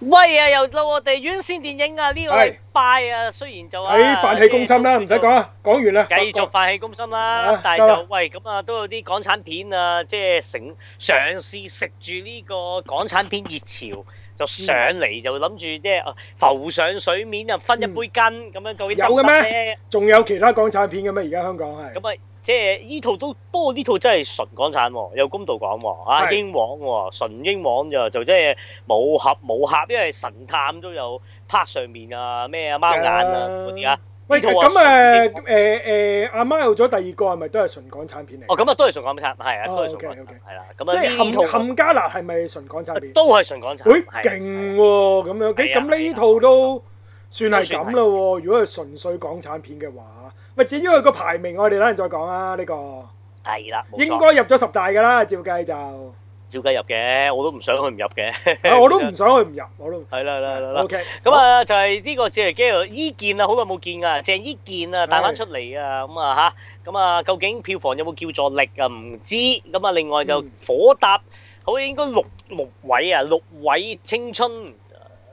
喂啊，又到我哋院線電影啊，呢、呢個係拜啊！雖然就、啊，哎，泛起公心啦，唔使講啊，講完啦，繼續泛起公心啦，啊、但係就、啊、喂，咁啊，都有啲港產片啊，即係成嘗試食住呢個港產片熱潮，就上嚟就諗住即係浮上水面啊，分一杯羹咁、嗯、樣可可，有嘅咩？仲有其他港產片嘅咩？而家香港係。嗯即係呢套都，不過呢套真係純港產喎，有公道講喎，英皇喎，純英皇就就即係武俠武俠，因為神探都有拍上面啊咩啊貓眼啊嗰啲啊。喂，咁誒誒誒，阿媽有咗第二個係咪都係純港產片嚟？哦，咁啊都係純港產，係啊都係純港，係啦。即係《冚冚家辣》係咪純港產片？都係純港產。誒勁喎，咁樣咁呢套都算係咁啦喎，如果係純粹港產片嘅話。咪至於佢個排名，我哋等陣再講啦。呢、這個係啦，應該入咗十大嘅啦，照計就照計入嘅，我都唔想去唔入嘅、 啊，我都唔想去唔入，我都係啦係啦 OK 那。咁啊，就係呢個《侏羅紀》伊健啊，好耐冇見噶，鄭伊健啊，帶翻出嚟啊，咁啊嚇，咁啊究竟票房有冇叫座力啊？唔知咁啊，另外就火達《火搭、嗯》好似應該六六位啊，六位，六位，六位青春，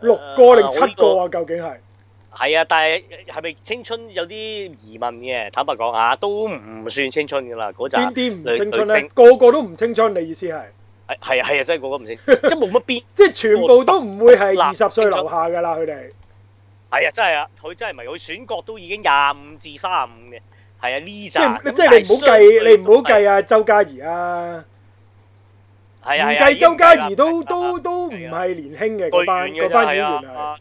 六個定、呃七，啊、七個啊？究竟係？係啊，但係係咪青春有啲疑問嘅？坦白講吓，都唔算青春㗎喇嗰陣。邊啲唔青春咧？個個都唔青春，你意思係？係啊係啊，真係個個唔青春。即冇乜邊？即全部都唔會係二十歲樓下㗎喇佢哋。係啊，真係啊，佢真係唔係佢選角都已經廿五至三十五嘅。係啊，呢集即係你唔好計，你唔好計啊，周嘉怡啊。係啊，唔計周嘉怡都都都唔係年輕嘅嗰班嗰班演員啊。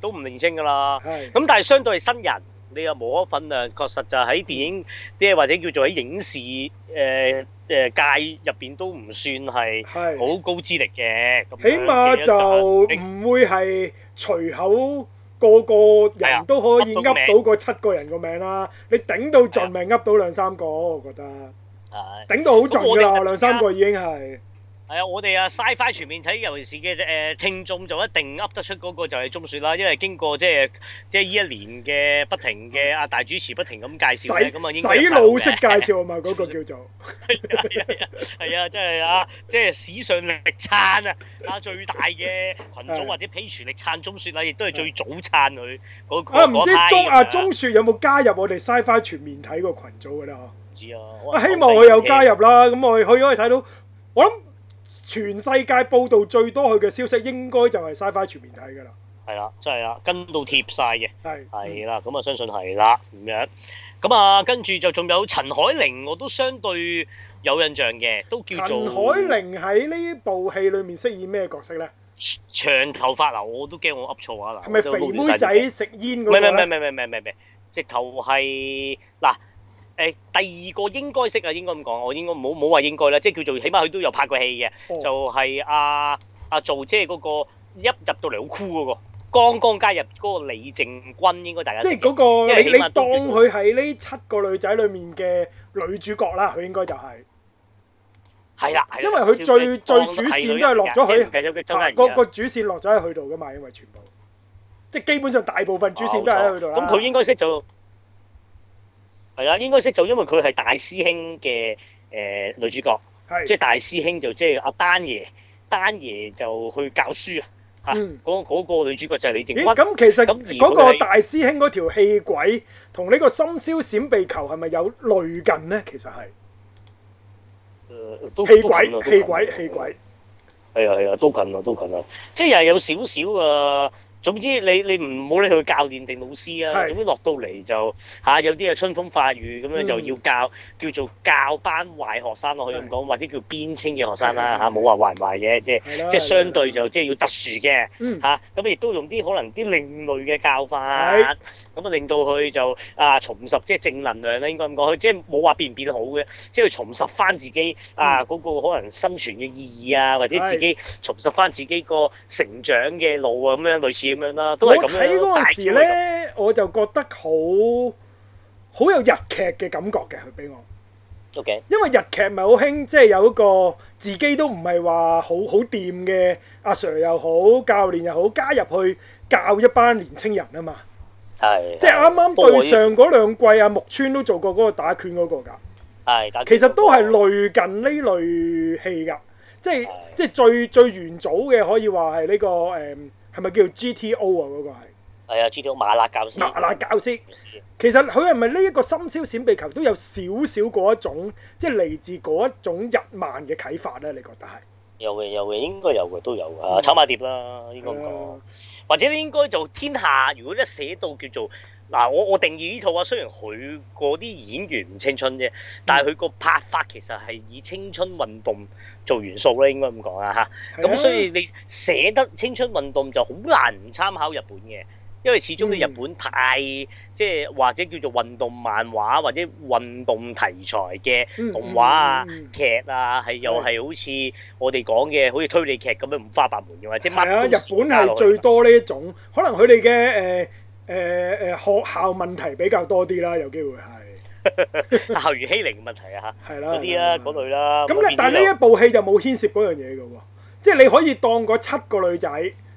都唔認清㗎啦，咁的但係相對係新人，你又冇可分量，確實就喺電影即係、嗯、或者叫做喺影視誒誒、呃呃、界入邊都唔算係好高資歷嘅，的樣起碼就唔會係隨口個個人都可以噏、啊、到個到七個人個名啦，你頂到盡命噏到兩三個，我覺得，的頂到好盡㗎啦，兩三個已經係。係、哎、啊，我哋啊，SciFi 全面睇，尤其是嘅誒聽眾就一定噏得出嗰個就係中雪啦，因為經過即係即係依一年嘅不停嘅阿大主持不停咁介紹咧，咁啊洗，已洗腦式介紹啊嘛，嗰個叫做係啊，即係啊，即係史上力撐啊，啊最大嘅群組的或者 P 全力撐中雪啊，亦都係最早撐佢嗰唔知鐘阿、啊、雪有冇加入我哋 SciFi 全面睇個群組㗎啦？唔知我啊，希望佢有加入啦。咁我去咗睇到，我諗。全世界報道最多佢嘅消息應該就係《SciFi 全面睇》噶啦，係啦，真係啦，跟到貼晒嘅，係係啦，咁啊、嗯、相信係啦咁樣，咁啊跟住就仲有陳海玲，我都相對有印象嘅，都叫做陳海玲喺呢部戲裏面飾演咩角色咧？長頭髮嗱，我都驚我噏錯啊嗱，係咪肥妹仔食煙嗰個？唔係唔係唔係，唔唔唔直頭係嗱。誒、欸、第二個應該識啊，應該咁講，我應該冇冇話應該啦，即係叫做起碼佢都有拍過戲嘅，哦、就係阿阿做姐係嗰個一入到嚟好酷嗰、那個，剛剛加入嗰個李靖君應該大家即係嗰、那個，你你當佢喺呢七個女仔裡面嘅女主角啦，佢應該就係係啦，啊、因為佢最最主線都係落咗去，啊、個個主線落咗喺佢度噶嘛，因為全部即係基本上大部分主線都係喺佢度。咁佢應該識做。就係啊，應該識做，因為佢係大師兄嘅誒、呃、女主角，是的 即係大師兄就即係阿丹爺，丹爺就去教書、嗯、啊，嚇。嗰個女主角就係李正。咁其實嗰個大師兄嗰條氣鬼，同呢個深宵閃避球係咪有類近咧？其實係。誒，都近啊！氣鬼，氣鬼。係啊係啊，都近啊都近啊，即係又有少少啊。總之你，你你唔好理佢教練定老師啊。是總之落到嚟就嚇、啊，有啲係春風化雨咁樣，就要教、嗯、叫做教班壞學生落去。可以咁講，或者叫邊青嘅學生啦、啊、嚇，冇話的、啊、壞唔壞嘅，的即係的即係相對就即係要特殊嘅嚇。咁亦的、啊、都用啲可能啲另類嘅教法，咁的、嗯、啊令到佢就啊重拾即係正能量咧，應該咁講，即係冇話變唔變好嘅，即係重拾翻自己啊嗰個可能生存嘅意義啊，或者自己重拾翻自己個成長嘅、啊、路啊，咁樣類似。咁樣啦，我睇嗰陣時咧，我就覺得好好有日劇嘅感覺嘅佢俾我。Okay. 因為日劇咪好興，即係有一個自己都唔係話好好掂嘅阿 Sir 又好，教練又好，加入去教一班年青人啊嘛。係即係啱啱對上嗰兩季，阿的木村都做過嗰個打拳嗰個㗎。那個、其實都係類近呢類戲㗎，即係的即係最最原早嘅可以話係呢個誒。嗯係咪叫 GTO 啊？嗰個係、哎、係啊，GTO 麻辣教師，麻辣教師。其實佢係咪呢一個深宵閃避球都有少少嗰一種，即係嚟自嗰一種日漫嘅啟發咧？你覺得係有嘅，有嘅，應該有嘅，都有嘅。啊、嗯，炒馬碟啦，呢個、呃、或者應該做天下。如果一寫到叫做。嗱，我我定義呢套啊，雖然佢嗰啲演員唔青春啫，但係佢個拍法其實係以青春運動做元素咧，應該咁講啊嚇。咁、啊、所以你寫得青春運動就好難唔參考日本嘅，因為始終你日本太即係、嗯、或者叫做運動漫畫或者運動題材嘅動畫啊、嗯嗯嗯、劇啊，係是是又係好似我哋講嘅，好似推理劇咁樣五花八門嘅，或者乜？係啊，日本係最多呢一種，可能佢哋嘅誒。呃是嗯誒誒、呃、學校問題比較多啲啦，有機會係 校園欺凌嘅問題啊，係啦嗰啲啦嗰類啦。咁咧，但係呢一部戲就冇牽涉嗰樣嘢嘅喎，即係你可以當個七個女仔，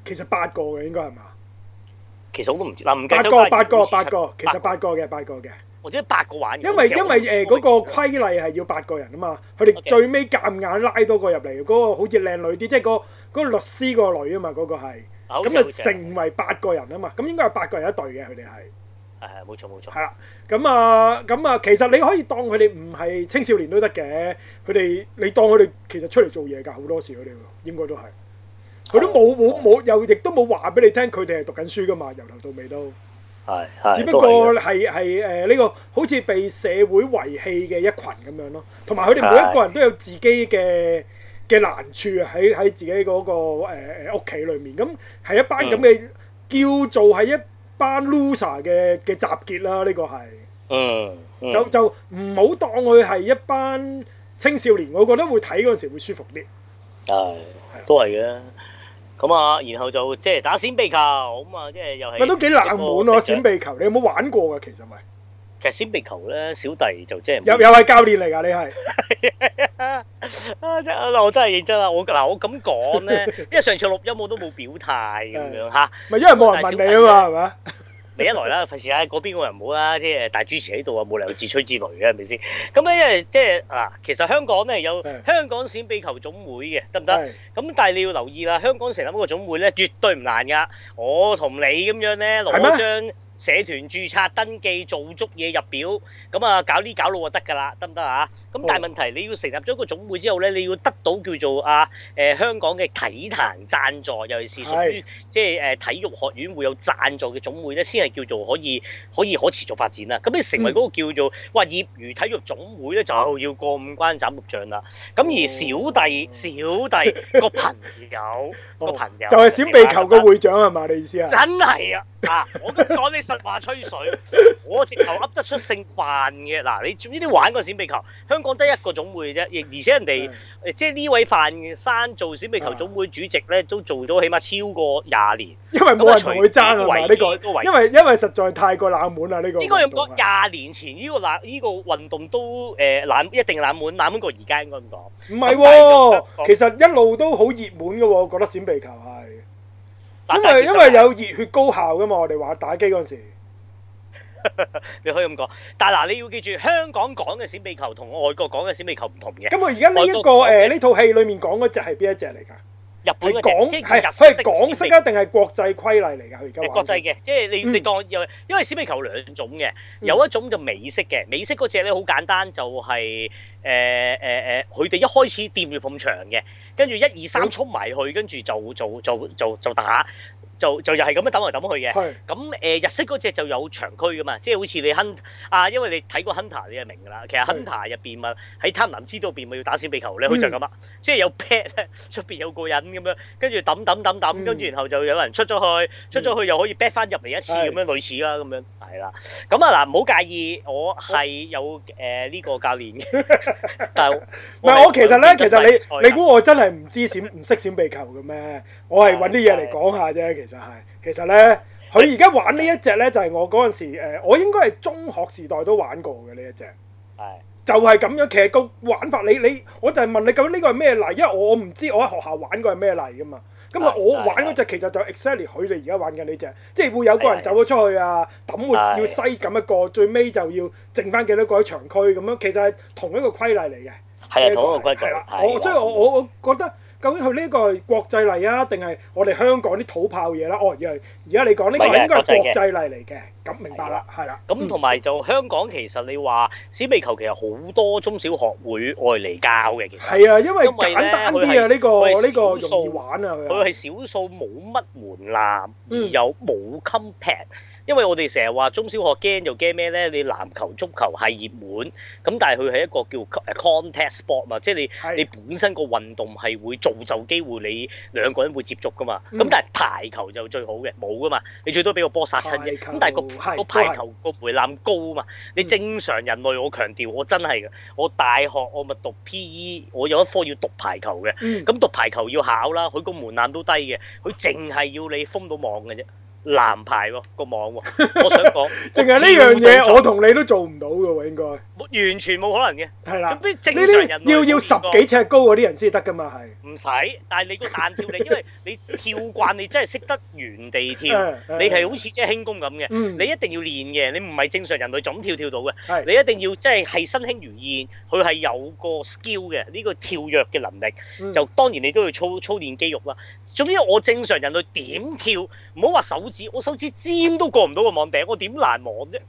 其實八個嘅應該係嘛？其實我都唔知，嗱，唔八個八個八個，其實八個嘅八個嘅，或者八個玩因為因為誒嗰個規例係要八個人啊嘛，佢哋 Okay. 最尾夾硬、硬拉多個入嚟嘅嗰個好似靚女啲，即係、嗰個嗰、嗰個、律師個女啊嘛，嗰、嗰個係。咁啊，就成為八個人啊嘛，咁應該係八個人一隊嘅，佢哋係，係係冇錯冇錯，係啦，咁啊，咁啊，其實你可以當佢哋唔係青少年都得嘅，佢哋你當佢哋其實出嚟做嘢㗎，好多時佢哋應該都係，佢都冇冇冇又，亦都冇話俾你聽，佢哋係讀緊書㗎嘛，由頭到尾都係，的只不過係係誒呢個好似被社會遺棄嘅一群咁樣咯，同埋佢哋每一個人都有自己嘅。嘅難處喺喺自己嗰、那個誒誒屋企裏面，咁係一班咁嘅、嗯、叫做係一班 loser 嘅嘅集結啦，呢、這個係、嗯，嗯，就就唔好當佢係一班青少年，我覺得會睇嗰陣時會舒服啲，係、嗯，啊、都係嘅，咁啊，然後就即係、就是、打閃避球，咁啊，即、就、係、是、又係，都幾冷門啊，閃避、嗯、球，你有冇玩過嘅、啊、其實咪？其實閃避球咧，小弟就真係有有位教練嚟噶，你係啊真啊，我真係認真啦，我嗱我咁講咧，因為上次錄音我都冇表態咁樣吓，咪因為冇人問你啊嘛，係咪啊？你一來啦，費事啊，嗰邊個人唔好啦，即係大主持喺度啊，冇理由自吹自擂嘅係咪先？咁咧，因為即係嗱，其實香港咧有香港閃避球總會嘅，得唔得？咁但係你要留意啦，香港成立一個總會咧，絕對唔難噶。我同你咁樣咧攞張。社團註冊登記做足嘢入表，咁啊搞呢搞路就得㗎啦，得唔得啊？咁但係好 問題你要成立咗個總會之後呢，你要得到叫做啊誒、呃、香港嘅體壇贊助，尤其是屬於即係誒體育學院會有贊助嘅總會呢，先係叫做可以可以可持續發展啦。咁你成為嗰個叫做、嗯、哇業餘體育總會呢，就要過五關斬六將啦。咁而小弟、哦、小弟個 朋友。個朋友就係閃避球個會長係嘛？你意思啊？真係啊！嗱，我講你實話吹水，我直頭噏得出姓范嘅嗱。你呢啲玩過閃避球，香港得一個總會啫，亦而且人哋即係呢位范生做閃避球總會主席咧，都做咗起碼超過廿年。因為冇人同佢爭啊呢個，因為因為實在太過冷門啦呢個。應該咁講，廿年前呢個冷呢個運動都誒冷一定冷門，冷門過而家應該咁講。唔係喎，其實一路都好熱門嘅喎，我覺得閃。閃避球係，因為因為有熱血高效㗎嘛，我哋話打機嗰陣時， 你可以咁講。但嗱，你要記住，香港講嘅閃避球同外國講嘅閃避球唔同嘅。咁我而家呢一個誒呢套戲裡面講嗰隻係邊一隻嚟㗎？日本佢係講港式啊，定係國際規例嚟㗎？佢而家話國際嘅，即係你你當有，嗯、因為閃避球兩種嘅，有一種就美式嘅，美式嗰隻咧好簡單，就係，就係誒誒誒，佢、呃、哋、呃、一開始掂住碰牆嘅。跟住一二三，衝埋去，跟住就就就就就打。就就又係咁樣抌嚟抌去嘅。咁誒是、嗯、日式嗰隻就有長區噶嘛，即係好似你亨啊，因為你睇過亨塔，你就明㗎啦。其實亨塔入邊啊，喺是貪婪之島入邊咪要打閃避球咧，好似咁啊，嗯、即係有 pad 咧，出邊有個人咁樣，跟住揼揼揼揼，跟住然後就有人出咗去，出咗去又可以 back 翻入嚟一次咁樣，類似啦咁樣。係啦，咁啊嗱，唔好介意，我係有誒呢、 呃呢個教練嘅。但係唔係我其實咧，其實你你估我真係唔知閃唔識閃避球嘅咩？ 我係揾啲嘢嚟講下啫，就係，其實咧，佢而家玩呢一隻咧，就係、係、我嗰陣時、呃、我應該係中學時代都玩過嘅呢一隻，的就係咁樣。其實個玩法你你，我就係問你究竟呢個係咩例？因為我唔知我喺學校玩過係咩例噶嘛。咁啊的，我玩嗰隻其實就 exactly 佢哋而家玩緊呢隻，即係會有個人走咗出去啊，抌的要篩咁一個，最尾就要剩翻幾多個喺場區咁樣。其實係同一個規例嚟嘅，係的同一個規例。的我所以我我覺得。究竟佢呢個係國際例啊，定係我哋香港啲土炮嘢啦？哦，而家你講呢個應該係國際例嚟嘅，咁明白啦，係啦的。咁同埋就香港其實你話閃避球其實好多中小學會愛嚟教嘅，其實係啊，因為，因為簡單啲啊，呢個呢個容易玩啊，佢係少數冇乜門檻，嗯、有冇 compete 因為我哋成日話中小學驚就驚咩咧？你籃球、足球係熱門，咁但係佢係一個叫 contact sport 嘛，即係你是你本身個運動係會造就機會你兩個人會接觸噶嘛。咁、嗯、但係排球就最好嘅，冇噶嘛。你最多俾個波殺親啫。咁球但係個個排球個門檻高啊嘛。是你正常人類，我強調我真係嘅，我大學我咪讀 P.E.，我有一科要讀排球嘅。咁、嗯、讀排球要考啦，佢個門檻都低嘅，佢淨係要你封到網嘅啫。男排喎個網喎，我想講，淨係呢樣嘢我同你都做唔到㗎喎，應該完全冇可能嘅。係啦，咁正常人要要十幾尺高嗰啲人先得㗎嘛，係唔使。但係你個彈跳力，因為你跳慣，你真係識得原地跳，你係好似即係輕功咁嘅。你一定要練嘅，你唔係正常人類咁跳跳到嘅。你一定要即係係身輕如燕，佢係有個 skill 嘅呢個跳躍嘅能力。就當然你都要操操練肌肉啦。總之我正常人類點跳，唔好話手。手指，我手指尖都過唔到個網頂，我點攔網啫？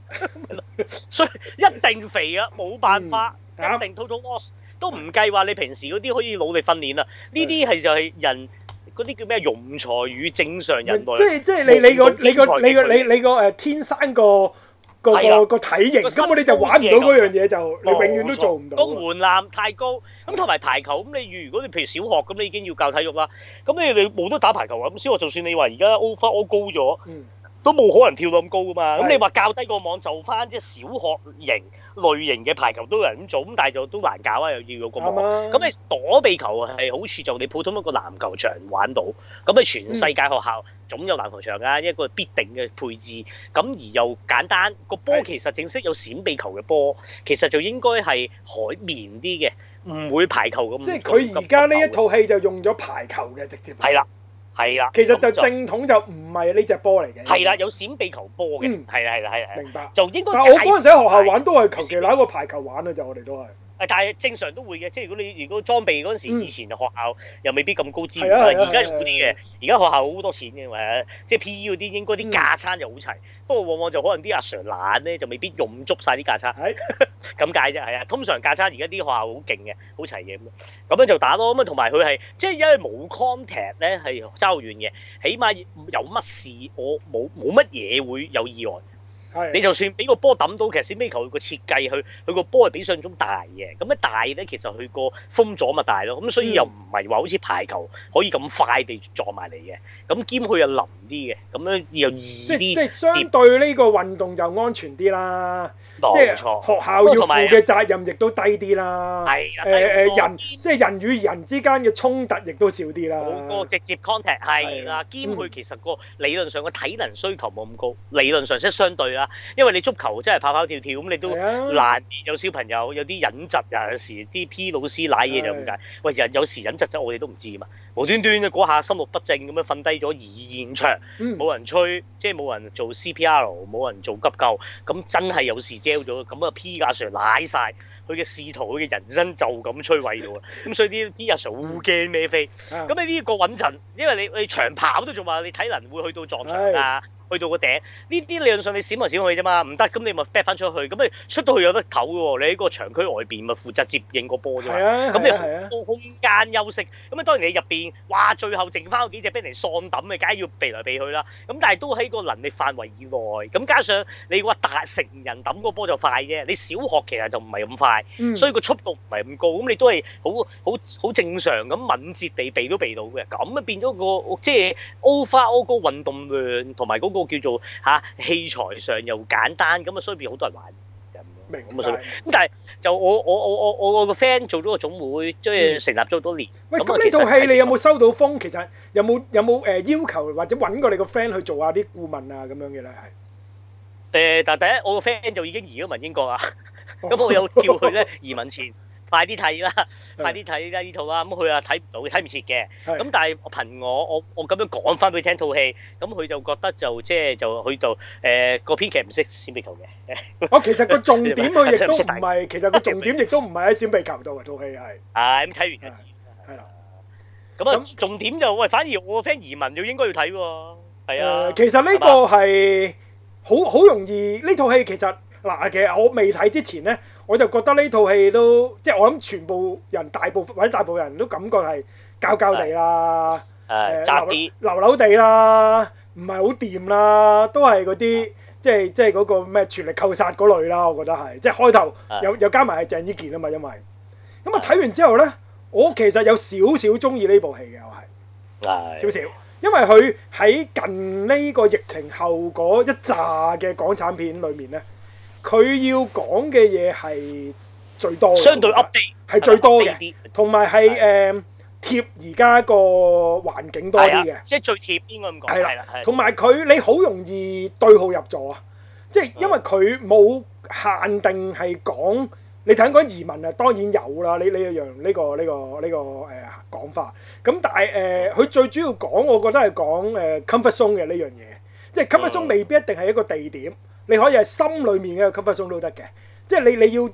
所以一定肥啊，冇辦法，一定 total loss。都唔計話你平時嗰啲可以努力訓練啊，呢啲係就係人嗰啲叫咩啊？庸才與正常人類，即係即係你、你個、你個你個你個你你個誒天生個。個個個體型，的根本你就玩唔到嗰樣嘢就，你永遠都做唔到。個門檻太高，咁同埋排球，咁你如果你譬如小學咁，你已經要教體育啦，咁你哋冇得打排球啊。咁小學就算你話而家 over 高咗。嗯都冇可能跳到咁高噶嘛，咁的你話較低個網就翻即係小學型類型嘅排球都有人咁做，咁但係就都難搞啊，又要個網。咁的你躲避球係好處就你普通一個籃球場玩到，咁你全世界學校總有籃球場㗎、啊，嗯、一個必定嘅配置。咁而又簡單，個波其實正式有閃避球嘅波，的其實就應該係海綿啲嘅，唔會排球咁。即係佢而家呢一套戲就用咗排球嘅直接。係啦。係啦，其實就正統就唔係呢隻波嚟嘅。係啦的，的有閃避球波嘅。嗯，係啦，係啦，係啦，明白。就應該。但我嗰陣時喺學校玩都係求其攞個排球玩啦，就我哋都係。但係正常都會嘅，即係如果你如果裝備嗰陣時，嗯、以前學校又未必咁高資源，而家好啲嘅，而家、啊、學校好多錢嘅，啊、即係 P.E. 嗰啲應該啲架撐又好齊。嗯、不過往往就可能啲阿 Sir 懶咧，就未必用足晒啲架撐，咁解啫。係 啊，通常架撐而家啲學校好勁嘅，好齊嘅。咁樣，就打咯。咁啊，同埋佢係即係因為冇 contact 咧，係爭遠嘅，起碼有乜事我冇冇乜嘢會有意外。你就算俾個波抌到，其實閃避球佢個設計去，佢佢個波係比上中大嘅，咁咧大咧，其實佢個風阻咪大咯，咁所以又唔係話好似排球可以咁快地撞埋嚟嘅，咁兼佢又腍啲嘅，咁樣又易啲。即即係相對呢個運動就安全啲啦。嗯、即係學校要負嘅責任亦都低啲啦。係啦，誒人，啊、即係人與人之間嘅衝突亦都少啲啦。冇個直接 contact 係啦、啊，啊、兼佢其實個理論上個體能需求冇咁高，嗯、理論上即係相對啦。因為你足球真係跑跑跳跳咁，你都難免有小朋友有啲隱疾啊。有時啲 P 老師舐嘢就咁、是、解？喂，有有時隱疾咗，我哋都唔知嘛。無端端嗰下心律不正咁樣瞓低咗而現場冇、嗯、人吹，即係冇人做 CPR，冇人做急救，咁真係有事。咁啊，P 阿 Sir 拉曬佢嘅仕途，佢嘅人生就咁摧毀咗。咁 所以啲 P 阿 Sir 好驚咩飛？咁、啊、你呢個穩陣，因為你你長跑都仲話你體能會去到撞牆㗎、啊。去到個頂，呢啲理論上你閃埋閃去啫嘛，唔得咁你咪 back 翻出去，咁咪出到去有得唞喎，你喺個場區外邊咪負責接應個波啫嘛，咁、啊、你好多空間休息，咁啊，啊當然你入邊，哇最後剩翻嗰幾隻俾人喪抌嘅，梗係要避來避去啦，咁但係都喺個能力範圍以內，咁加上你話大成人抌個波就快啫，你小學其實就唔係咁快，嗯、所以個速度唔係咁高，咁你都係好好好正常咁敏捷地避都避到嘅，咁啊變咗個即係、就是、over all 個運動量同埋嗰個。個叫做嚇器材上又簡單，咁啊所以變好多人玩咁咯。明咁啊所以。咁但係就我我我我我個 friend 做咗個總會，即係成立咗好多年。喂，咁呢套戲你有冇收到風？其實有冇有冇誒要求或者揾過你個 friend 去做下啲顧問啊咁樣嘅咧？係。誒，但係第一我個 friend 就已經移咗民英國啦，咁我有叫佢咧移民前。快啲睇啦！的快啲睇啦！呢套啦，咁佢啊睇唔到嘅，睇唔切嘅。咁但係我憑我我我咁樣講翻俾佢聽套戲，咁佢的就覺得就即係、就是、就去到誒個、呃、編劇唔識閃, 的閃避球嘅。我其實個重點佢亦都唔係，其實個重點亦都唔係喺閃避球度。套戲係。係咁睇完一次，係啦。咁啊、嗯，那重點就喂、是，反而我 friend 移民就應該要睇喎。啊、呃，其實呢個係好的好容易。呢套戲其實嗱，其實我未睇之前咧。我就覺得呢套戲都即係、就是、我諗全部人大部分或者大部分人都感覺係膠膠地啦，渣、啊呃、流，流流地啦，唔係好掂啦，都係嗰啲即係即係嗰個咩全力扣殺嗰類啦，我覺得係即係開頭又又、啊呃、加埋係鄭伊健啊嘛，因為咁啊睇完之後呢，啊、我其實有少少鍾意呢部戲嘅，我係少、啊、少，因為佢喺近呢個疫情後果一紮嘅港產片裡面呢。佢要講嘅嘢係最多，相對 update 係最多嘅，同埋係誒貼而家個環境多啲嘅，即係最貼，應該咁講。係啦，係同埋佢你好容易對號入座啊！即係因為佢冇限定係講你睇緊移民啊，當然有啦。你呢一樣呢個呢個呢個誒講法。咁但係誒，佢最主要講，我覺得係講誒 comfort zone 嘅呢樣嘢，即係 comfort zone 未必一定係一個地點。你可以係心裏面嘅吸份送都得嘅，即係你你要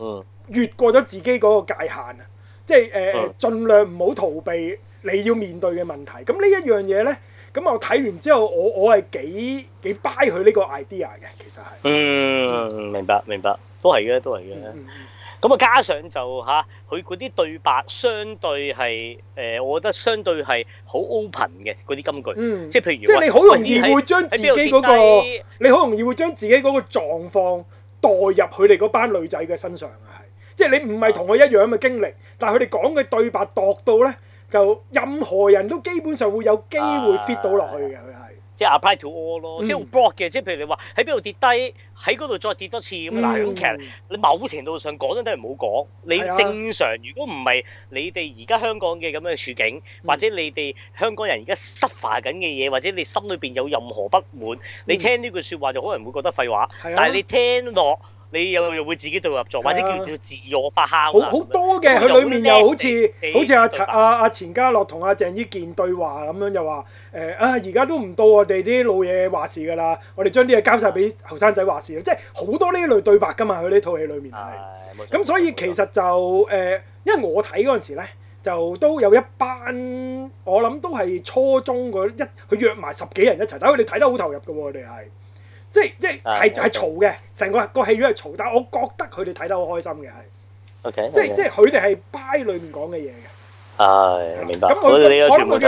越過咗自己嗰個界限啊，嗯、即係誒、呃、盡量唔好逃避你要面對嘅問題。咁呢一樣嘢咧，咁我睇完之後，我我係幾幾 buy 佢呢個 idea 嘅，其實係。嗯，明白明白，都係嘅，都係嘅。嗯嗯咁啊，加上就吓佢嗰啲對白相對係誒、呃、我覺得相對係好 open 嘅嗰啲金句，嗯，即係譬如，即係你好容易會將自己嗰個，你好容易會將自己嗰個狀況代入佢哋班女仔嘅身上啊，係，即係你唔係同佢一樣嘅經歷，但係佢哋講嘅對白，度到咧就任何人都基本上會有機會 fit 到落去嘅。啊即係 apply to all 咯，即係好 broad 嘅，即係譬如你話喺邊度跌低，喺嗰度再跌多次咁樣。嗱、嗯，咁其實你某程度上講真都係唔好講。你正常，啊、如果唔係你哋而家香港嘅咁樣嘅處境，或者你哋香港人而家 suffer 緊嘅嘢，或者你心裏邊有任何不滿，你聽呢句説話就可能會覺得廢話。啊、但係你聽落。你又又會自己對話入座，啊、或者叫叫自我發酵，好好多嘅。佢裏面又好似好似阿陳阿阿錢嘉樂同阿、啊、鄭伊健對話咁樣，又話誒啊！而家都唔到我哋啲老嘢話事㗎喇，我哋將啲嘢交晒俾後生仔話事。即係好多呢類,類對白㗎嘛，佢呢套戲裏面係。咁所以其實就誒、呃，因為我睇嗰陣時咧，就都有一班我諗都係初中嗰一，佢約埋十幾人一齊，但佢哋睇得好投入嘅喎，佢哋係。即係即係係係嘈嘅，成個個戲院係嘈，但係我覺得佢哋睇得好開心嘅係，okay, okay. 即係即係佢哋係 buy 裏面講嘅嘢嘅。係、uh, 明白。咁佢哋嘅？嗯、我諗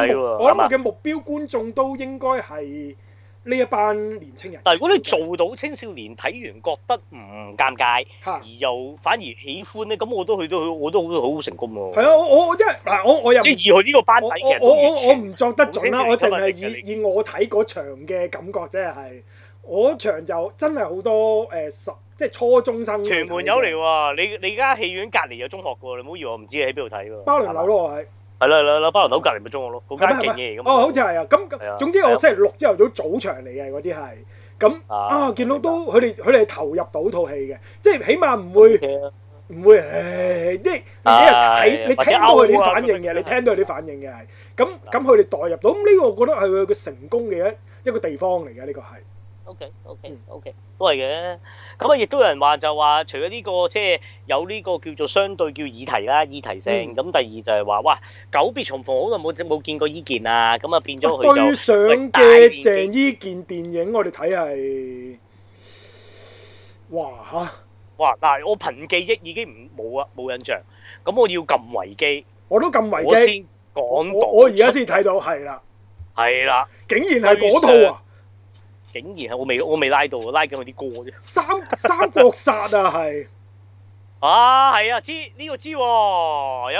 嘅目、吧目標觀眾都應該係呢一班年青人。但係如果你做到青少年睇完覺得唔尷尬，啊、而又反而喜歡咧，咁我都去到，我都覺得好成功喎、啊。係啊，我我係、就是啊、又即係以佢呢個班底嘅我我我唔作得準啦，我淨係以以我睇嗰場嘅感覺啫、就是，係。我場就真係好多誒十即係初中生。屯門有嚟喎，你你而家戲院隔離有中學嘅你唔好以為我唔知喺邊度睇喎。巴倫樓咯，係係啦，係啦，巴倫樓隔離咪中學咯，咁堅勁嘅咁啊，好似係啊。咁總之我星期六朝頭早早場嚟嘅嗰啲係咁啊，見到都佢哋佢哋投入到套戲嘅，即係起碼唔會唔會即係你睇你聽到佢哋反應嘅，你聽到佢哋反應嘅係咁咁佢哋代入到咁呢個，我覺得係佢嘅成功嘅一一個地方嚟嘅呢個係。OK，OK，OK，都係嘅。咁啊，亦都有人話就話，除咗呢個即係有呢個叫做相對叫議題啦，議題性。咁第二就係話，哇，久別重逢，好耐冇冇見過伊健啊。咁啊，變咗佢就。對上嘅鄭伊健電影，我哋睇係，哇吓，哇嗱，我憑記憶已經唔冇啊，冇印象。咁我要撳維基，我都撳維基。我先講到，我而家先睇到，係啦，係啦，竟然係嗰套啊！竟然係我未我未拉到，拉緊佢啲歌啫。 三三國殺啊，係。啊，係啊，知呢個知，有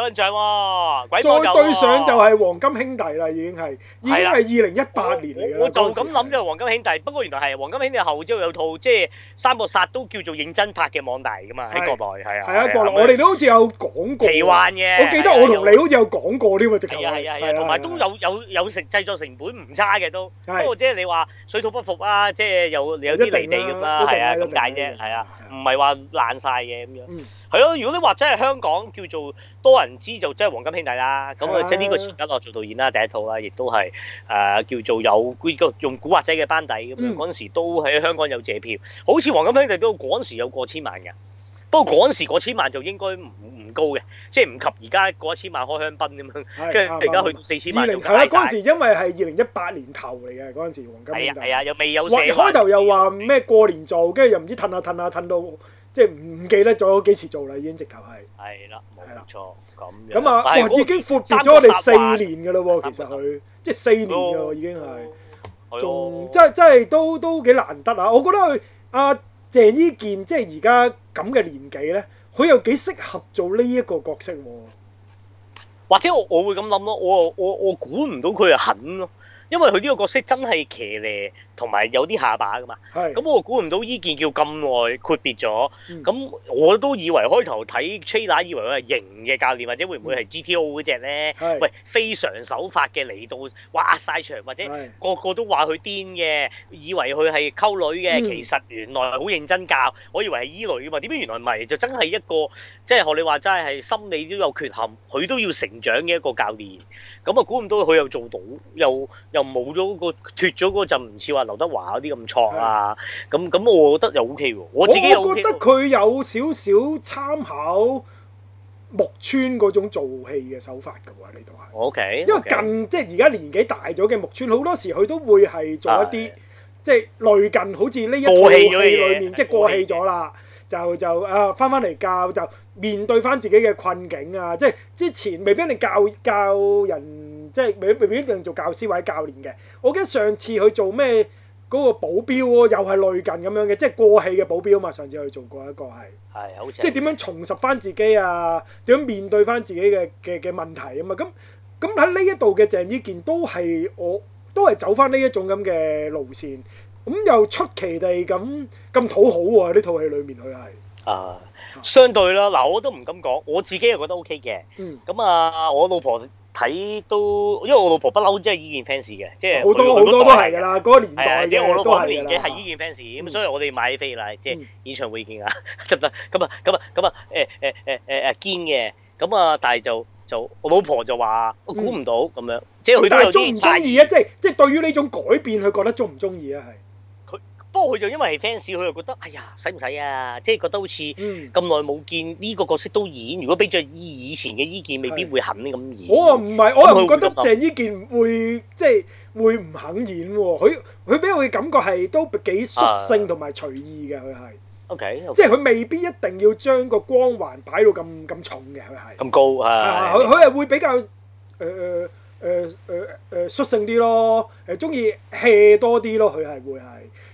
印象喎。鬼再對上就係黃金兄弟啦，已經係，已經係二零一八年。我我就咁諗就黃金兄弟，不過原來係黃金兄弟後之後有套即係《三個殺》都叫做認真拍嘅網大噶嘛，喺國內係啊，係啊，我哋都好似有講過奇幻嘅。我記得我同你好似有講過呢個劇情，係啊係啊，同埋都有有有成製作成本唔差嘅都。不過即係你話水土不服啊，即係有有啲離地咁啦，係啊咁解啫，係啊，唔係話爛晒嘅咁樣。係咯，如果你話真係香港叫做多人知就真係《黃金兄弟》啦吧，咁啊即係呢個錢嘉樂做導演啦，第一套啦，亦都係誒、呃、叫做有古用古惑仔嘅班底咁樣，嗰時都喺香港有借票，好似《那那啊、黃金兄弟》都嗰陣時有過千萬嘅，不過嗰陣時嗰千萬就應該唔唔高嘅，即係唔及而家過一千萬開香檳咁樣，跟住而家去到四千萬咁大。係嗰時因為係二零一八年頭嚟嘅嗰陣時《黃金兄弟》，係啊又未有死開頭又話咩過年做，跟住又唔知褪下褪下褪到。即係唔唔記得咗幾次做啦，已經直頭係。係啦，冇錯。咁樣咁啊，那個、已經闊別咗我哋四年噶咯喎，三三其實佢即係四年噶喎、哦、已經係，仲即係即係都都幾難得啊！我覺得佢，阿、啊、鄭伊健即係而家咁嘅年紀咧，佢又幾適合做呢一個角色喎。或者我我會咁諗咯，我我我估唔到佢係狠咯。因為佢呢個角色真係騎呢，同埋有啲下巴噶嘛。係是。咁我估唔到依件叫咁耐闊別咗。嗯。咁我都以為開頭睇 trailer 以為佢係型嘅教練，或者會唔會係 GTO 嗰隻呢？是喂，非常手法嘅嚟到，嘩晒場，或者是、嗯、個個都話佢癲嘅，以為佢係溝女嘅，是其實原來好認真教。我以為係依類噶嘛，點解原來唔係？就真係一個即係學你話齋係心理都有缺陷，佢都要成長嘅一個教練。咁啊，估唔到佢又做到，又又冇咗嗰個脫咗嗰陣，唔似話劉德華嗰啲咁挫啊！咁咁的，我覺得又 O K 喎，我自己又覺得佢有少少參考木村嗰種做戲嘅手法㗎喎，呢度係 O K，因為近 okay. 即係而家年紀大咗嘅木村，好多時佢都會係做一啲即係類近好似呢一套戲裡面，即係過氣咗啦。就就啊，翻翻嚟教就面對翻自己嘅困境啊！即係之前未必一定教教人，即係未未必一定做教師或者教練嘅。我記得上次去做咩嗰個保鏢喎，又係類近咁樣嘅，即係過氣嘅保鏢啊嘛。上次去做過一個係， 即係點樣重拾翻自己啊？點樣面對翻自己嘅嘅嘅問題啊嘛？咁咁喺呢一度嘅鄭伊健都係我，都係走翻呢一種咁嘅路線。咁又出奇地咁咁討好喎！呢套戲裡面佢係啊，uh, 相對啦，嗱，我都唔敢講，我自己又覺得 OK 嘅。咁、um, 啊，我老婆睇都，因為我老婆不嬲，即係依件 fans 嘅，即係好多好多都係㗎啦。嗰、那個年代，或者、就是、我老婆都話年紀係依件 fans，咁所以我哋買飛啦，即、就、係、是、演唱會見，um, 啊，得唔得？咁啊，咁啊，咁啊，誒誒誒誒誒堅嘅，咁、欸欸欸欸、啊，但係就就我老婆就話，我估唔到咁、um, 樣，即係佢都有啲介意啊！嗯、 即係即係對於呢種改變，佢覺得中唔中意啊？係。不過佢就因為 fans，佢就覺得哎呀，使唔使啊？即係覺得好似咁耐冇見呢個角色都演，如果比著以以前嘅伊健未必會肯咁演。我啊唔係，我又唔覺得鄭伊健會即係會唔肯演喎。佢佢俾我嘅感覺係都幾率性同埋隨意嘅。佢係 OK，即係佢未必一定要將個光環擺到咁咁重嘅。佢係咁高啊，佢佢係會比較誒誒誒誒誒率性啲咯，係中意 hea 多啲咯。佢係會係。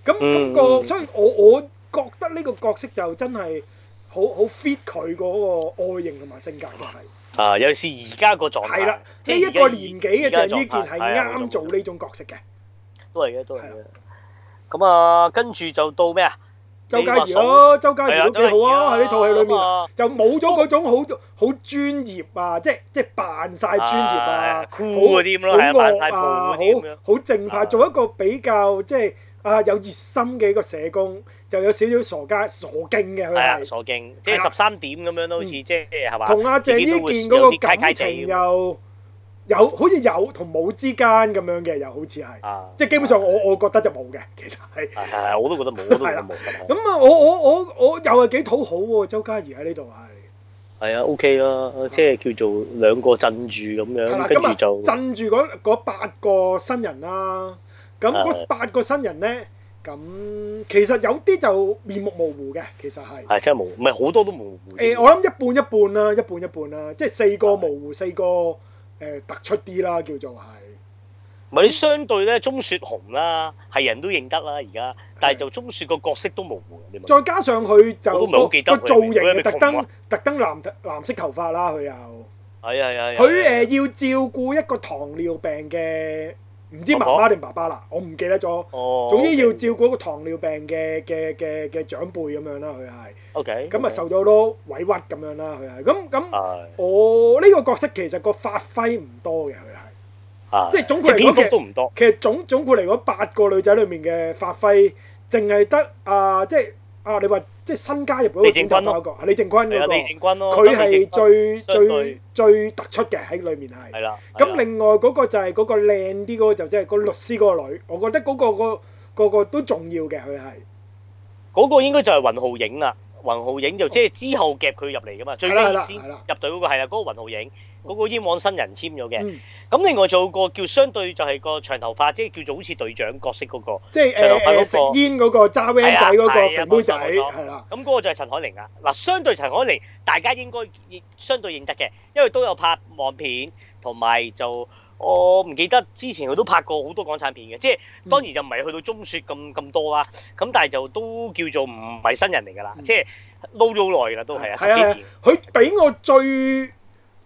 咁個，所以我我覺得呢個角色就真係好好 fit 佢嗰個外形同埋性格都係啊，尤其是而家個狀態。係啦，即係一個年紀嘅就呢件係啱做呢種角色嘅，都係嘅，都係咁啊，跟住就到咩啊？周家怡咯，周家怡都幾好啊！喺呢套戲裏面就冇咗嗰種好好專業啊，即係即係扮晒專業啊，酷嗰啲咯，好惡啊，好好正派，做一個比較即係。啊！有熱心嘅一個社工，就有少少傻家傻勁嘅佢係。係啊，傻勁，即係十三點咁樣都好似、嗯、即係係嘛。同阿鄭伊健嗰個感情又有，卡卡卡有好似有同冇之間咁樣嘅，又好似係。啊、即係基本上我、啊、我，我覺得就冇嘅，其實係。係係，我都覺得冇，我都覺得冇。咁啊，我我我我又係幾討好喎？周嘉怡喺呢度係。係啊，OK 啦，即係叫做兩個鎮住咁樣，了跟住就鎮住嗰八個新人啦、啊。咁嗰八個新人咧，咁其實有啲就面目模糊嘅，其實係係真係模糊，唔係好多都模糊。誒，我諗一半一半啦，一半一半啦，即係四個模糊，四個誒突出啲啦，叫做係。唔係你相對咧，鍾雪紅啦，係人都認得啦，而家，但係就鍾雪個角色都模糊。再加上佢就都唔係好記得，個造型特登特登藍藍色頭髮啦，佢又係啊係啊，佢誒要照顧一個糖尿病嘅。唔知媽媽定爸爸啦，Okay. 我唔記得咗。哦，oh, okay. 總之要照顧個糖尿病嘅嘅嘅嘅長輩咁樣啦，佢係。O K。咁啊，受咗好多委屈咁樣啦，佢係。咁咁，uh、我呢個角色其實個發揮唔多嘅，佢係。Uh、即係總括嚟講，都唔多。其實總總括嚟講，八個女仔裡面嘅發揮，淨係得啊，即係啊，你話。即係新加入嗰個組頭咯，嗰個李正坤咯，佢係最最最突出嘅喺裏面係。咁另外嗰個就係嗰個靚啲嗰個就即係個律師嗰個女，我覺得嗰個個個個都重要嘅佢係。嗰個應該就係雲浩影啦，雲浩影就即係之後夾佢入嚟噶嘛，最先入隊嗰個係啦，嗰個雲浩影，嗰個煙王新人簽咗嘅。咁另外做個叫相對就係個長頭髮，即係叫做好似隊長角色嗰、那個，即係是誒、那個、食煙嗰、那個揸煙仔嗰、那個、啊、肥妹仔，係啦。咁嗰、啊、個就係陳海玲啦。嗱，相對陳海玲，大家應該相對認得嘅，因為都有拍網片，同埋就我唔記得之前佢都拍過好多港產片嘅，即係當然就唔係去到《中雪》咁咁多啦。咁但係就都叫做唔係新人嚟㗎啦，嗯、即係撈咗好耐㗎啦都係。啊，佢俾、啊啊、我最。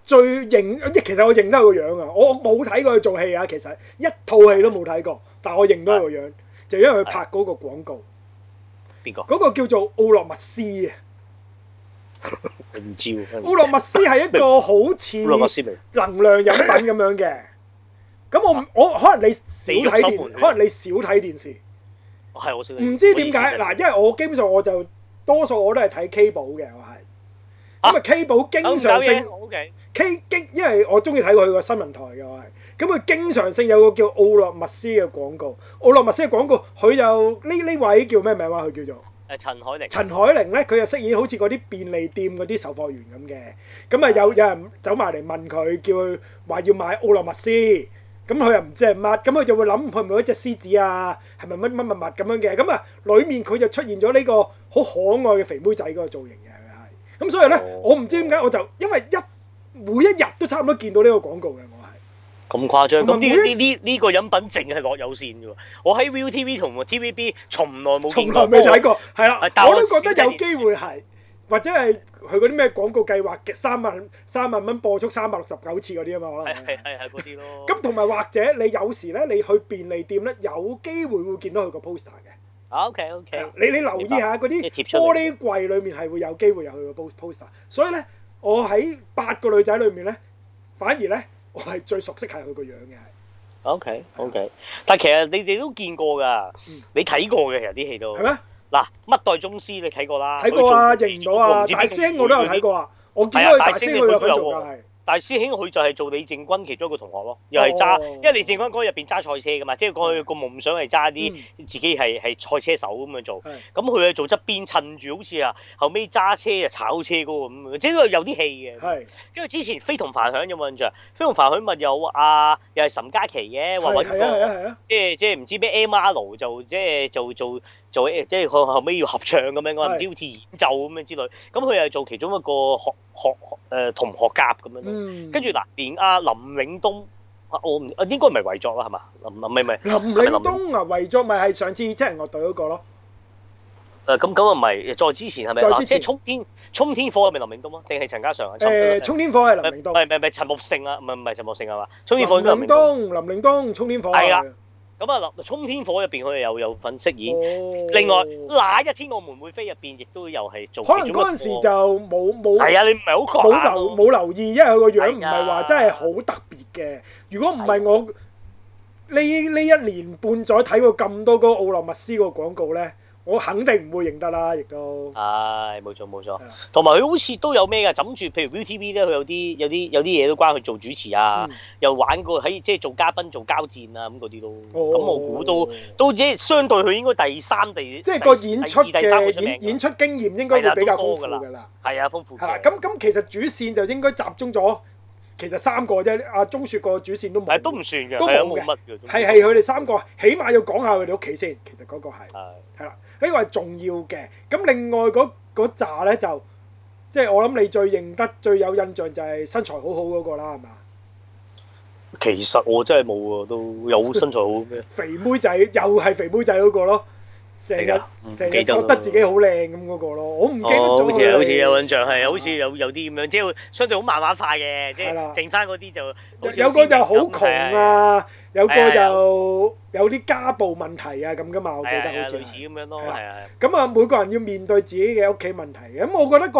最認，即其實我認得個樣啊！我冇睇過佢做戲啊，其實一套戲都冇睇過，但我認得佢個樣，啊、就因為佢拍嗰個廣告。邊個誰？嗰個叫做奧羅密斯啊！唔 知道奧羅密斯係一個好似能量飲品咁樣嘅。咁我、啊、我可能你少睇，可能你少睇電視。係、啊、我少唔知點解。嗱，因為我基本上我就多數我都係睇 Cable 嘅，我係。咁、嗯、啊，K 寶經常性，K 經，okay. 因為我中意睇佢過個新聞台嘅，我係，咁佢經常性有個叫奧諾密斯嘅廣告，奧諾密斯嘅廣告，佢又呢呢位叫咩名話？佢叫做誒陳海玲。陳海玲咧，佢又飾演好似嗰啲便利店嗰啲售貨員咁嘅，咁啊有有人走埋嚟問佢，叫佢話要買奧諾密斯，咁佢又唔知係乜，咁佢就會諗佢咪一隻獅子啊，係咪乜乜乜物咁樣嘅，咁啊，裡面佢就出現咗呢個好可愛嘅肥妹仔嗰個造型嘅。咁所以咧，我唔知點解，我就因為一每一日都差唔多見到呢個廣告嘅，我係咁誇張。咁呢呢呢呢個飲品淨係落有線啫喎，我喺 ViuTV 同 TVB 從來冇從來未睇過，係啦。我都覺得有機會係，或者係佢嗰啲咩廣告計劃嘅三萬三萬蚊播出三百六十九次嗰啲啊嘛，可能係係係嗰啲咯。咁同埋或者你有時咧，你去便利店咧，有機會會見到佢個 poster 嘅。OK，OK，你你留意下嗰啲玻璃櫃裏面係會有機會有佢個 poster 所以咧，我喺八個女仔裏面咧，反而咧，我係最熟悉係佢個樣嘅。OK，OK，但其實你哋都見過噶，你睇過嘅其實有啲戲都係咩？嗱，乜代宗師你睇過啦？睇過啊，認唔到啊，大聲我都有睇過啊，我見到佢大聲，佢做，有喎。但係師兄佢就係做李正軍其中一個同學咯，又係揸，哦哦哦哦因為李正軍日入邊揸賽車噶嘛，即係過去個夢想係揸啲自己係係、嗯、賽車手咁樣做。咁佢係做側邊，趁住好似啊後尾揸車啊炒車嗰個咁即係都有啲戲嘅。是 因為之前非同凡響有冇印象？非同凡響咪有阿、啊、又係岑嘉琪嘅，或者講即係即係唔知咩 M R L 就即、是、係做、就是、做做即係佢後尾要合唱咁樣，我唔是 知好似演奏咁樣之類。咁佢係做其中一個學。學誒、呃、同學夾咁樣咯，跟住嗱，連阿林嶺東，啊、我唔應該唔係遺作啦，係嘛？林唔係唔林嶺 東啊？遺作咪係上次七人樂隊嗰個咯？誒咁咁啊唔係，再之前係咪？即之前沖天沖天火係咪林嶺東啊？定係陳嘉上啊？誒沖、欸、天火係林嶺東，唔係唔係陳木勝啊？唔係唔係陳木勝係嘛？沖天火林嶺東,東，林嶺東沖天火係啊！咁啊嗱，《沖天火》入邊佢又有份飾演，哦、另外《那一天我們會飛》入邊亦都又係做。可能嗰陣時就冇冇。係啊，你唔係好留冇留意，因為佢個樣唔係話真係好特別嘅。如果唔係我呢呢呀一年半載睇過咁多個奧利密斯個廣告呢，我肯定唔會認得啦，亦都係冇錯冇錯，同埋佢好似都有咩㗎，枕住譬如 ViuTV 咧，佢有啲有啲有啲嘢都關佢做主持啊，嗯、又玩過喺即係做嘉賓做交戰啊咁嗰啲都，咁、哦、我估到，都即相對佢應該第三地，即係個演出嘅演演出經驗應該會比較豐富㗎啦，係啊豐富。咁咁其實主線就應該集中咗。其實三個啫，阿鍾雪個主線都冇，都唔算嘅，都冇嘅，係係佢哋三個，起碼要講下佢哋屋企先。其實嗰個係係啦，呢個係重要嘅。咁另外嗰嗰扎咧就，即係我諗你最認得、最有印象就係身材好好嗰個啦，係嘛？其實我真係冇喎，都有身材好咩？肥妹仔又係肥妹仔嗰個咯。成日成日覺得自己好靚咁嗰個咯，我唔記得好似好似有印象，係好似有有啲咁樣，即係相對好漫畫化嘅，即係剩翻嗰啲就有個就好窮啊，有個就有啲家暴問題啊咁噶嘛，我記得好似似咁樣咯。係啊，咁啊，每個人要面對自己嘅屋企問題嘅。咁我覺得個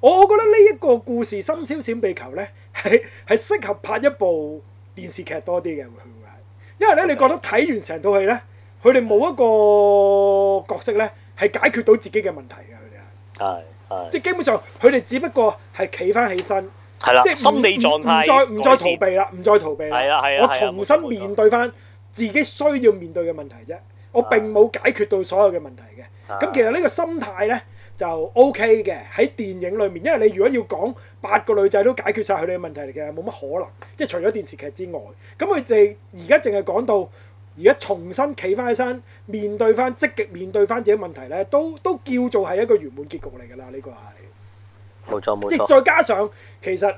我覺得呢一個故事《深宵閃避球》咧係係適合拍一部電視劇多啲嘅，會唔會係，因為咧你覺得睇完成套戲咧。佢哋冇一個角色咧係解決到自己嘅問題嘅，佢哋係，係，即係基本上佢哋只不過係企翻起身，係啦，即係心理狀態，唔再唔再逃避啦，唔先再逃避啦，係啊係啊，我重新面對翻自己需要面對嘅問題啫，的我並冇解決到所有嘅問題嘅，咁的其實呢個心態咧就 OK 嘅喺電影裏面，因為你如果要講八個女仔都解決晒佢哋嘅問題嚟嘅，冇乜可能，即係除咗電視劇之外，咁佢哋而家淨係講到。而家重新企翻起身，面對翻積極面對翻自己問題咧，都都叫做係一個圓滿結局嚟㗎啦。呢、呢個係冇錯冇錯，錯即係再加上其實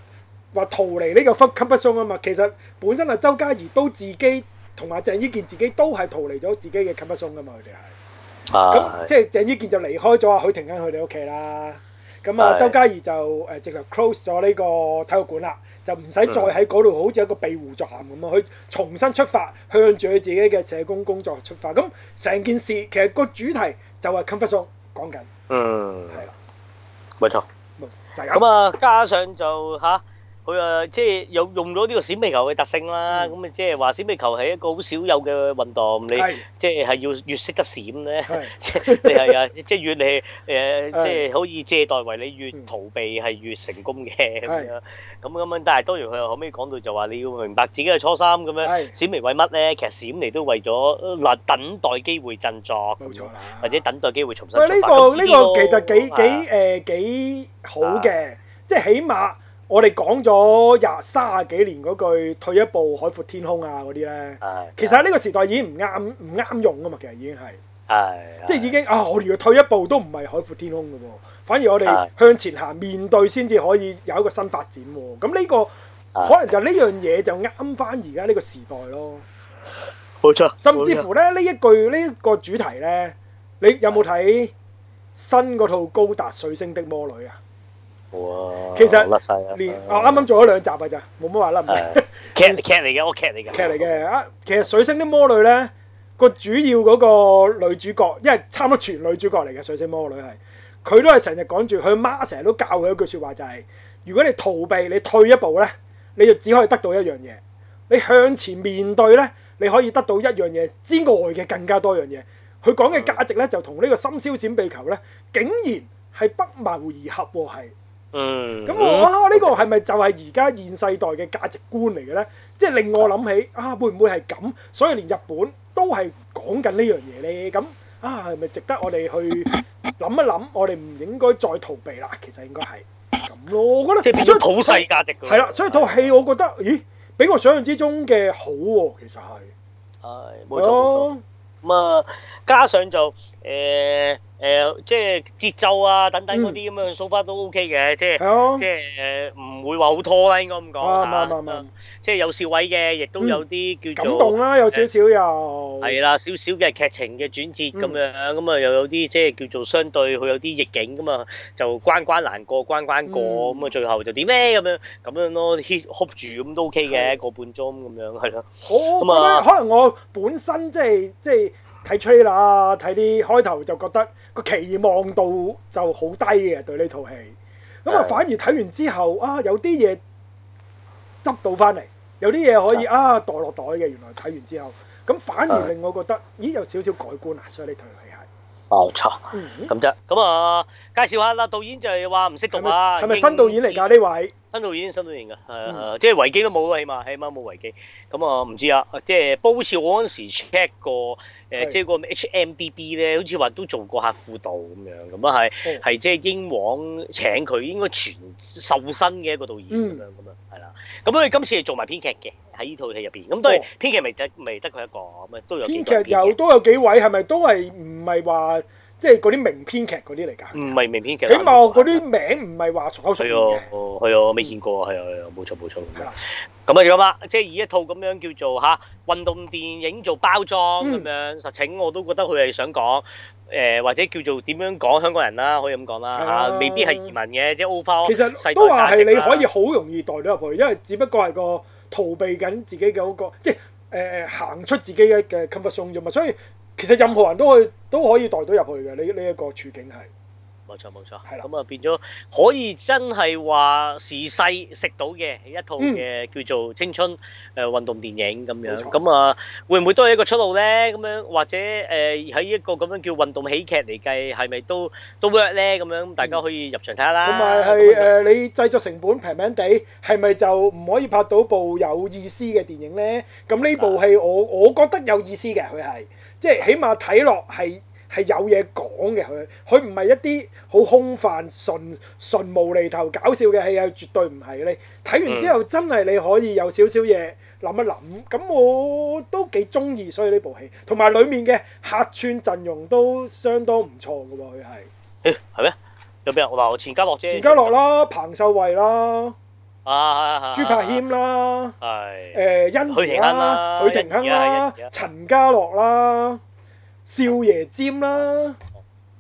話逃離呢個 comfort zone 啊嘛。其實本身阿周嘉怡都自己同埋、啊、鄭伊健自己都係逃離咗自己嘅 comfort zone 㗎嘛。佢哋係咁即係鄭伊健就離開咗阿許廷欣佢哋屋企啦。咁啊，是啊，周嘉怡就誒、呃、直頭 close 咗呢個體育館啦。就唔使再喺嗰度，好似一個庇護站咁咯，去重新出發，向住佢自己嘅社工工作出發。咁成件事其實個主題就係 confession 講緊，嗯，係啦的，冇錯，冇錯，就係咁。咁啊，加上就吓。佢啊，即係有用咗呢個閃避球嘅特性啦。咁啊，即係話閃避球係一個好少有嘅運動。你即係係要越識得閃咧，你係啊，即係越嚟誒，即係可以借代為你越逃避係越成功嘅咁樣。咁咁樣，但係當然佢後尾講到就話你要明白自己嘅初心咁樣。閃避為乜咧？其實閃避都為咗嗱，等待機會振作，或者等待機會重新出發。喂，呢個呢個其實幾幾誒幾好嘅，即係起碼。我哋講咗廿三十幾年嗰句退一步海闊天空啊嗰啲呢，哎、其實喺呢個時代已經唔啱唔啱用㗎嘛，其實已經係，哎、即係已經啊、哦，我哋退一步都唔係海闊天空㗎喎，反而我哋向前行面對先至可以有一個新發展、啊。咁呢、呢個、哎、可能就呢樣嘢就啱翻而家呢個時代咯，冇錯。甚至乎呢，呢一句呢個主題呢，你有冇睇新嗰套《高達水星的魔女》啊？哇！其實甩晒啦，連我，啱啱做咗兩集啊，咋冇乜話甩。劇劇嚟嘅，劇嚟嘅劇嚟嘅啊。其實水星啲魔女咧，個主要嗰個女主角，因為差唔多全女主角嚟嘅水星魔女係，佢都係成日講住，佢阿媽成日都教佢一句說話就係：如果你逃避，你退一步咧，你就只可以得到一樣嘢；你向前面對咧，你可以得到一樣嘢之外嘅更加多樣嘢。佢講嘅價值咧，就同呢個《深宵閃避球》咧，竟然係不謀而合喎，係。嗯，咁我、嗯、啊呢、呢個係咪就係而家現世代嘅價值觀嚟嘅咧？即係令我諗起啊，會唔會係咁？所以連日本都係講緊呢樣嘢咧。咁啊，係咪值得我哋去諗一諗？ 我哋唔應該再逃避啦。其實應該係咁咯。我覺得即係好細價值。係啦，所以套戲我覺得，咦，比我想象之中嘅好喎，啊。其實係係冇錯咁啊，加上就誒。呃誒，即係節奏啊，等等嗰啲咁樣，so far 都 OK 嘅，即係即係誒，唔會話好拖啦，應該咁講嚇。即係有笑位嘅，亦都有啲叫做感動啦，有少少又。係啦，少少嘅劇情嘅轉折咁樣，咁啊又有啲即係叫做相對佢有啲逆境咁嘛，就關關難過，關關過，咁啊最後就點咧咁樣，咁樣咯 heat hold 住咁都 OK 嘅，一個半鐘咁樣係啦。我覺得可能我本身即係即係。睇 trailer 睇啲開頭就覺得個期望度就好低嘅，對呢套戲。咁啊反而睇完之後啊有啲嘢執到翻嚟，有啲嘢可以啊墮落袋嘅，原來睇完之後，咁反而令我覺得的咦有少少改觀啊！所以呢套戲係冇錯咁啫。咁啊、嗯、介紹下啦，導演就係話唔識讀啊，係咪新導演嚟㗎呢位？新導演新導演㗎，誒誒，嗯、即係維基都冇咯，起碼起碼冇維基。咁啊唔知啊，即係不過好似我嗰陣時 check 過，誒即係個 h m d b 咧，好似話都做過客輔導咁樣，咁啊係係即係英皇請佢應該全瘦身嘅一個導演咁樣，咁啊，係啦。咁啊，佢今次係做埋編劇嘅喺呢套戲入邊，咁都係編劇咪得咪得佢一個咁啊，都有編劇又都有幾位係咪都係唔係話？即係嗰啲名編劇嗰啲嚟㗎，唔係名編劇，起碼嗰啲名唔係話口水嘅。係哦、啊，係未、啊、見過啊，係啊，係啊，冇錯冇錯。咁啊咁啊，即係以一套咁樣叫做吓，運動電影做包裝咁樣，嗯、實情我都覺得佢係想講誒、呃、或者叫做點樣講香港人啦，可以咁講啦嚇，未必係移民嘅，即係歐巴，其實都話係你可以好容易代入去，因為只不過係個逃避緊自己嘅嗰、嗰個，即係誒行出自己嘅 comfort zone 啫嘛，所以。其實任何人都可以都可以代到入去嘅，呢呢一個處境係。冇錯冇錯，係啦。咁啊變咗可以真係話時勢食到嘅一套嘅叫做青春誒運動電影咁樣。咁啊會唔會都係一個出路咧？咁樣或者誒喺一個咁樣叫運動喜劇嚟計，係咪都都 work 咧？咁樣大家可以入場睇下啦。同埋係誒，你製作成本平平地，係咪就唔可以拍到部有意思嘅電影咧？咁呢部戲我我覺得有意思嘅，佢係即係起碼睇落係。係有嘢講嘅佢，佢唔係一啲好空泛、純純無厘頭搞笑嘅戲啊，絕對唔係。你睇完之後真係你可以有少少嘢諗一諗，咁我都幾中意，所以呢部戲同埋裡面嘅客串陣容都相當唔錯㗎喎，佢係，係咩、哎？有咩？我話我錢嘉樂啫，錢嘉樂啦，彭秀慧啦，啊，啊啊朱柏謙啦，係、啊，誒、啊，殷紅、呃、啦，許廷鏗啦，陳家樂啦。啊少爺尖啦，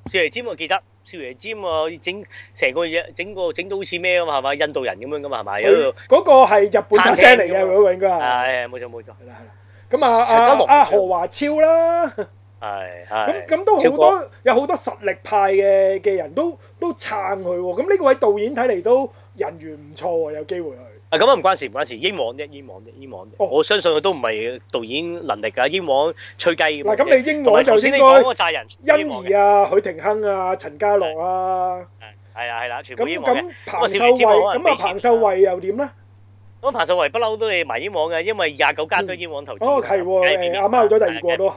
少爺尖我記得，少爺尖啊，整成個嘢，整個整到好似咩啊嘛，係咪印度人咁樣噶嘛？係咪？嗰、嗯、個係日本黑兵嚟嘅，佢應該係。係冇錯冇錯，係啦係啦。咁的的啊江啊啊何華超啦，係係、哎。咁、哎、咁都好多過有好多實力派嘅嘅人都都撐佢喎。咁呢個位導演睇嚟都人緣唔錯喎，有機會。咁啊，唔關事，唔關事。英皇啫，英皇啫，英皇。我相信佢都唔係導演能力㗎。英皇吹雞。嗱，咁你英皇頭先你講個債人，欣宜啊，許廷鏗啊，陳家樂啊，係係啊，係啦，全部英皇嘅。咁咁彭秀慧，咁啊彭秀慧又點咧？咁彭秀慧不嬲都係埋英皇嘅，因為廿九間都英皇投資。哦，係喎，誒阿媽有咗第二個都係。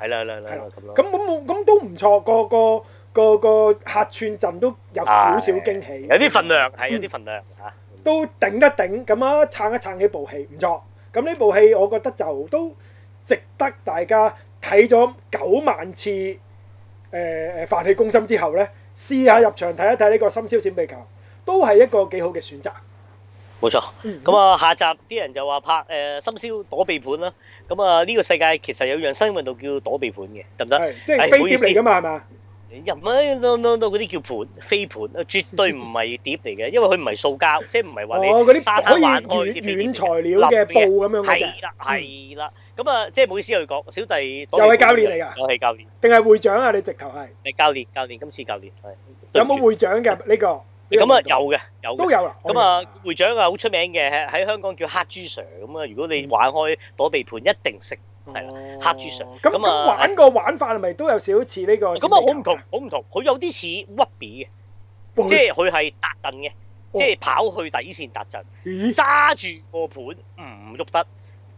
係啦，係啦，係啦，咁咯。咁咁冇咁都唔錯，個個個個客串陣都有少少驚喜，有啲份量，係有啲份量嚇。都頂一頂咁啊，撐一撐起部戲，唔錯。咁呢部戲我覺得就都值得大家睇咗九萬次，誒、呃、誒，飯氣攻心之後呢試下入場睇一睇呢個深宵閃避球，都係一個幾好嘅選擇。冇錯，咁啊，下集啲人就話拍誒、呃、深宵躲避盤啦。咁啊，呢個世界其實有樣新運動叫躲避盤嘅，得唔得？即係飛碟嚟㗎嘛。哎，係咪？入啊，到到到嗰啲叫盤飛盤，絕對唔係碟嚟嘅，因為佢唔係塑膠，即係唔係話你。哦，嗰啲沙灘玩開啲軟軟材料嘅布咁樣嘅。係啦，係啦。咁啊，即係冇意思去講，小弟。又係教練嚟㗎。我係教練。定係會長啊？你直頭係。係教練，教練，今次教練。係。有冇會長嘅呢個？咁啊，有嘅，有。都有啦。咁啊，會長啊，好出名嘅，喺香港叫黑豬 Sir 咁啊。如果你玩開躲避盤，一定識。係啦、嗯，下住上咁咁玩個玩法係咪都有少似呢個？咁啊好唔同，好唔同，佢有啲似屈比嘅，哦、即係佢係達陣嘅，哦、即係跑去底線達陣，揸住個盤唔喐得，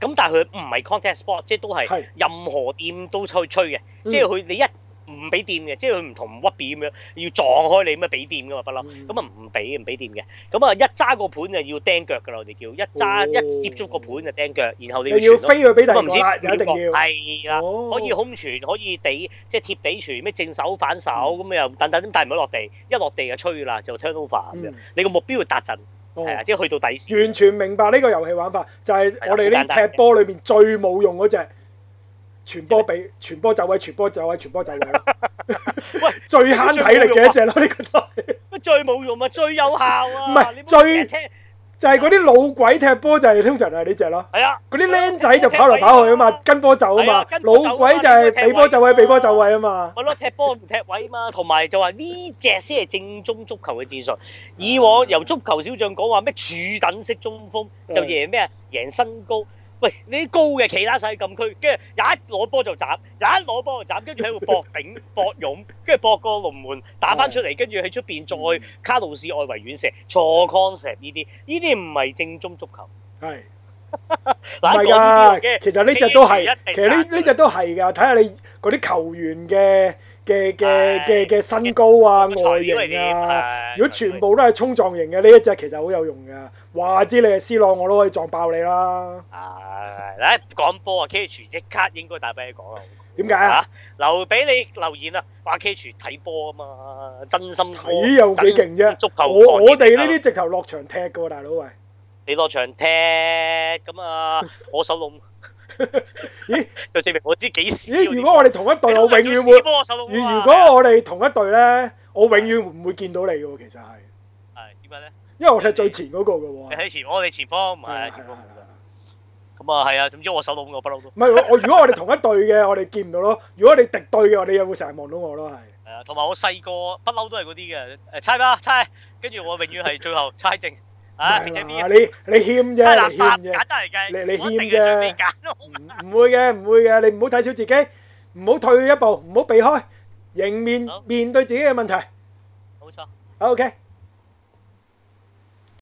咁但係佢唔係 Contact Sport，r 即係都係任何店都去吹嘅，是嗯、即係佢你一。唔俾掂嘅，即係佢唔同屈 B 咁樣，要撞開你咁樣俾掂噶嘛，不嬲。咁啊唔俾唔俾掂嘅，咁啊一揸個盤就要釘腳噶啦，我哋叫一揸一接觸個盤就釘腳，然後你要飛佢俾第二個唔知一定要。係啦，可以空傳，可以地即係貼地傳，咩正手、反手咁又等等，但係唔好落地。一落地就吹啦，就 turnover 咁樣。你個目標要達陣，係啊，即係去到底線。完全明白呢個遊戲玩法，就係我哋呢啲踢波裏面最冇用嗰隻。傳波俾傳波就位，傳波就位，傳波就位，喂，最慳體力嘅一隻咯？呢個都係最冇用啊，最有效啊。唔係最就係嗰啲老鬼踢波就係通常係呢隻咯。係啊，嗰啲僆仔就跑嚟跑去啊嘛，跟波走啊嘛。老鬼就係畀波就位，畀波就位啊嘛。係攞踢波唔踢位嘛，同埋就話呢隻先係正宗足球嘅戰術。以往由足球小將講話咩柱躉式中鋒就贏咩啊，贏身高。喂，呢啲高嘅企喺曬禁區，跟住有一攞波就斬，有一攞波就斬，跟住喺度搏頂搏湧，跟住搏過龍門打返出嚟，跟住喺出邊再、嗯、卡路士、外圍遠射錯 concept 呢啲，呢啲唔係正宗足球。係 的，唔係 其實呢隻都係，其實呢呢隻都係㗎，睇下你嗰啲球員嘅。嘅嘅嘅嘅身高啊，外形啊，如果全部都係衝撞型嘅呢一隻其實好有用㗎。話知你係 C 朗，我都可以撞爆你啦。係，嚟講波啊，Katch 即刻應該帶俾你講啊。點解啊？留俾你留言啊。話，Katch 睇波啊嘛，真心波。睇有幾勁啫？足球狂熱啦。我我哋呢啲直頭落場踢嘅喎，大佬喂。你落場踢咁啊，我手攏。咦？就證明我知幾時？咦？如果我哋同一隊，我永遠會。如果我哋同一隊咧，我永遠唔會見到你嘅，其實係。係點解咧？因為我係最前嗰個嘅喎。你喺前，我哋前方唔係前方，係咪？咁啊，係啊，總之我手到五個不嬲都。唔係我，我如果我哋同一隊嘅，我哋見唔到咯。如果你敵隊嘅，你又會成日望到我咯，係。係啊，同埋我細個不嬲都係嗰啲嘅，誒，猜吧猜，跟住我永遠係最後猜正。啊！嗱嗱，你你欠啫，你欠啫，簡單嚟嘅，你你欠啫，唔唔會嘅，唔會嘅，你唔好睇小自己，唔好退一步，唔好避開，迎面面對自己嘅問題，冇錯，OK。